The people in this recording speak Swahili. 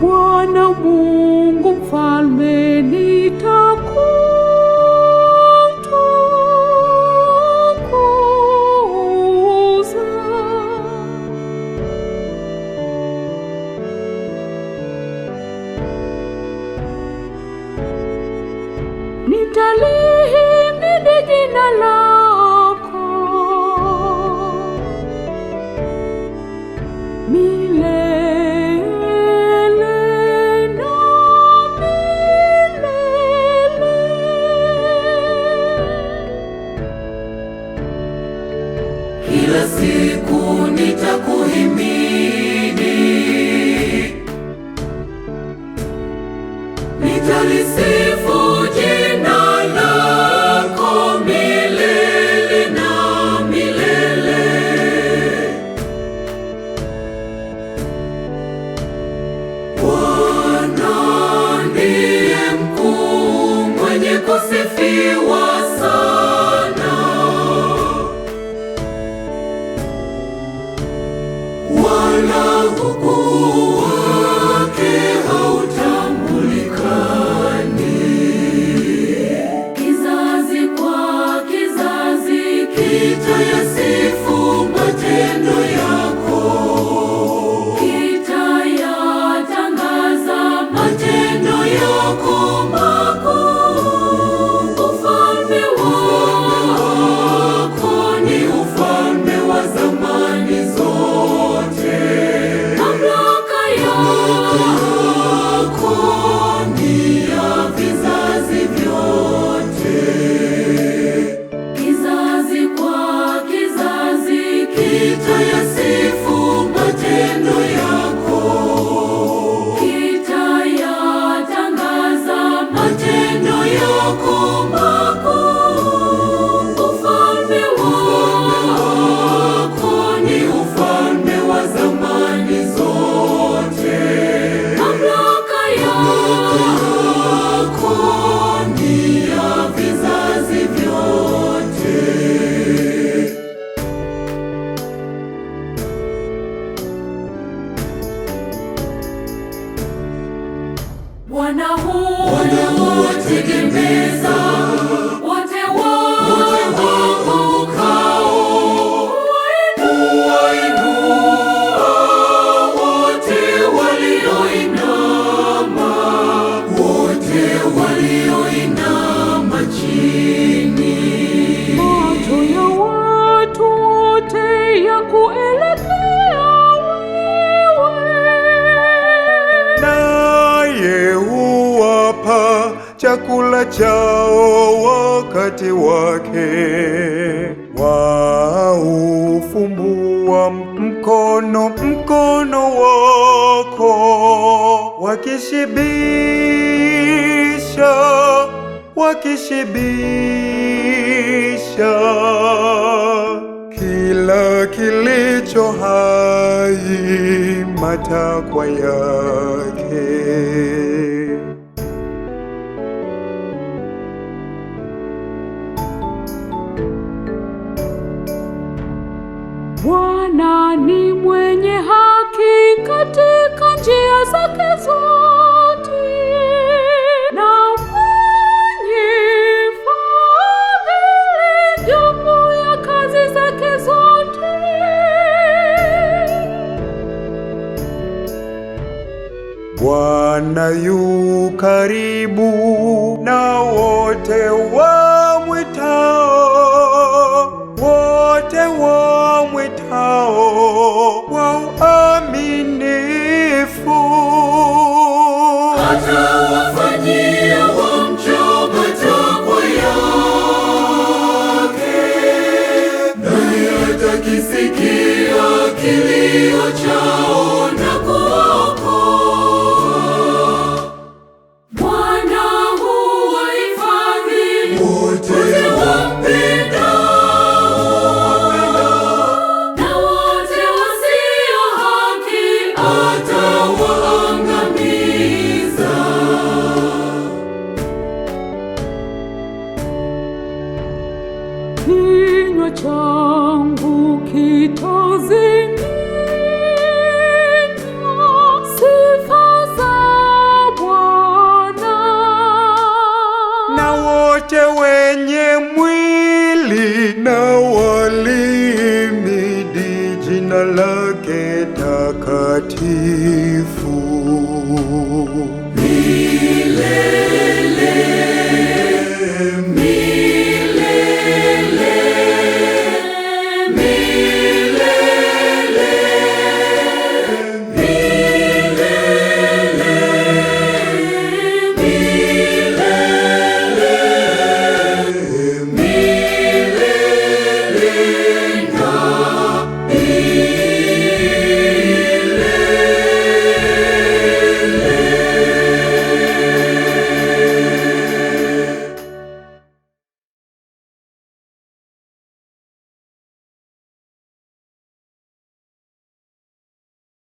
Bwana Mungu mfalme nitakutukuza. Nitalihimidi jina lako to wonder chakula chao wakati wake, waufumbua mkono mkono wako, wakishibisha wakishibisha kila kilicho hai matakwa yake. Bwana ni mwenye haki katika njia zake zote, na mwenye fadhili juu ya kazi zake zote. Bwana yu karibu na wote wa kila kili changu Bwana. Na wote wenye mwili na jina lake takatifu milele.